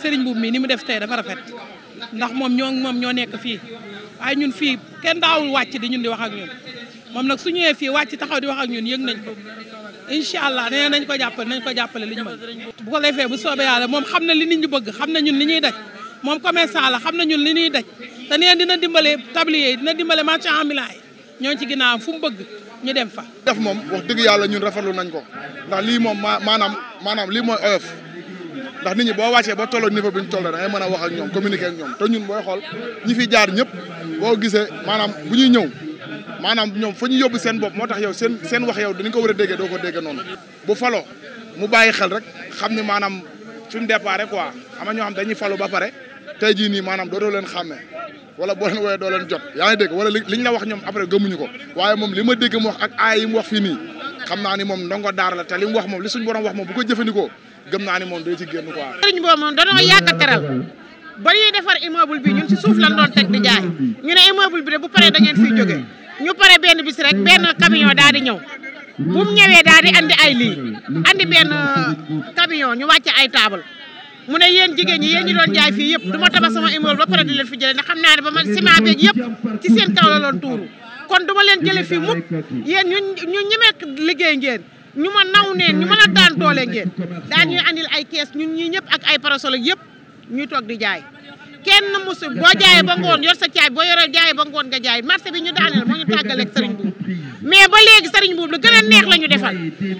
Serigne Mbuub mi ni mu def tey dafa rafet ndax moom ñoo moom ñoo nekk fii waaye ñun fii kenn daawul wàcc di ñun di wax ak ñun moom nag su ñëwee fii wàcc taxaw di wax ak ñun yëg nañ ko incha allah nee nañ ko jàppale nañ ko jàppale li ñu mën bu ko defee bu soobee yàlla moom xam na li ni ñu bëgg xam na ñun li ñuy daj moom commerçant la xam na ñun li ñuy daj te dina dimbale tablier yi dina dimbale ma ambulant yi ñoo ci ginnaaw fu mu bëgg ñu dem fa def moom wax dëgg yàlla ñun rafetlu nañ ko ndax lii moom maanaam maanaam lii mooy oyof ndax ni ñi boo wàccee ba tolloo niveau bi ñu toll da ngay mën a wax ak ñoom communiquer ak ñoom te ñun booy xool ñi fi jaar ñëpp boo gisee manaam bu ñuy ñëw maanaam ñoom fa ñu yóbbu seen bopp moo tax yow seen seen wax yow dañu ko war a déggee ko dégg noonu bu faloo mu bàyyi xel rek xam ni maanaam fi mu départ quoi xam nga ñoo xam dañuy falu ba pare te jii nii maanaam dootoo leen xàmmee wala boo leen wooyee leen jot yaa ngi dégg li ñu la wax ñoom après gëmuñu ko waaye moom li ma dégg mu wax ak yi mu wax fii nii xam naa ni moom ndongo daara la te li mu wax moom li suñu borom wax moom bu ko jëfandikoo gëm naa ni moom day ci génn quoi. sëriñ boobu moom danoo yàgg a teral ba ñuy defar immeuble bi ñun ci suuf lan doon teg di jaay ñu ne immeuble bi de bu paree da ngeen fiy jóge ñu pare benn bis rek benn camion daal di ñëw bu mu ñëwee daal di andi ay lii andi benn euh, camion ñu wàcce ay taabal mu ne yéen jigéen ñi yéen ñu doon jaay fii yëpp du ma tabax sama immeuble ba pare di leen fi jëlee ndax xam naa ne ba man ciment beeg yëpp ci seen kaw la doon tuuru. kon duma leen jële fii mukk yéen ñu ñu ñemee liggéey ngeen ñu ma naw neen ñu mën a daan doole ngeen daa ñuy andil ay kees ñu ñii ñëpp ak ay parasol ak yëpp ñuy toog di jaay kenn musu boo jaayee ba ngoon yor sa caay boo yoree jaayee ba ngoon nga jaay marché bi ñu mais ba léegi Serigne Boubou lu gën a neex la ñu defal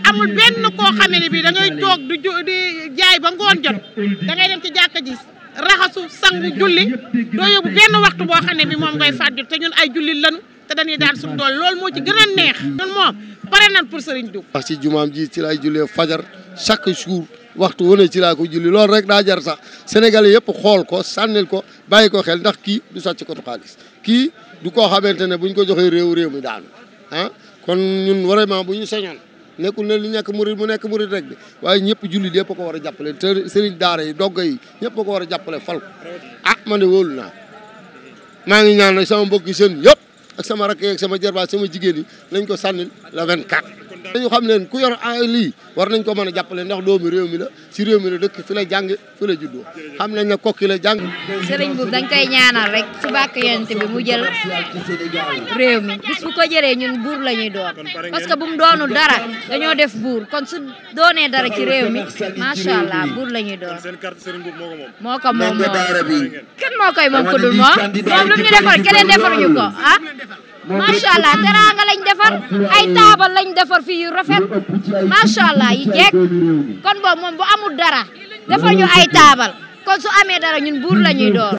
amul benn koo da ngay toog di jaay ba ngoon jot da ngay dem ci jàkka ji raxasu sangu julli doo yóbbu benn waxtu boo xam ne bi moom ngay fàjju te ñun ay julli lanu te dañuy daan suñu dool loolu moo ci gën a neex ñun moom pare nañ pour sëriñ Diouf ci jumaam ji ci laay jullee fajar chaque jour waxtu wane ci laa ko julli loolu rek daa jar sax sénégalais yëpp xool ko sànnil ko bàyyi ko xel ndax kii du sàcc ko tu xaalis kii du koo xamante ne buñ ko joxee réew réew mi daanu ah kon ñun vraiment bu ñu sañoon nekkul ne li nekk murid mu nekk murid rek waaye ñëpp juli yëpp ko war a jàppale te yi dogga yi ñëpp ko war a jàppale fal ah man de wool naa maa ngi ñaan sama mbok mbokki seen yëpp ak sama rakk ak sama jarbaat sama jigéen yi nañ ko sànnil la 24. dañu xam leen ku yor ay lii war nañ ko mën a jàppale ndax doomu réew mi la si réew mi la dëkk fi la jàng fi la juddoo xam nañ ne kokki la jàng sëriñ boobu dañ koy ñaanal rek si bàkk yonent bi mu jël réew mi bis bu ko jëree ñun buur la ñuy doon parce que bu mu dara dañoo def buur kon su doonee dara ci réew mi macha allah buur la ñuy doon moo ko moom moom kenn moo koy moom ku dul ñu defar defar ay taabal lañ defar fii yu rafet macha allah yi jekk kon boobu moom bu amul dara defal ñu ay taabal kon su amee dara ñun buur la ñuy door.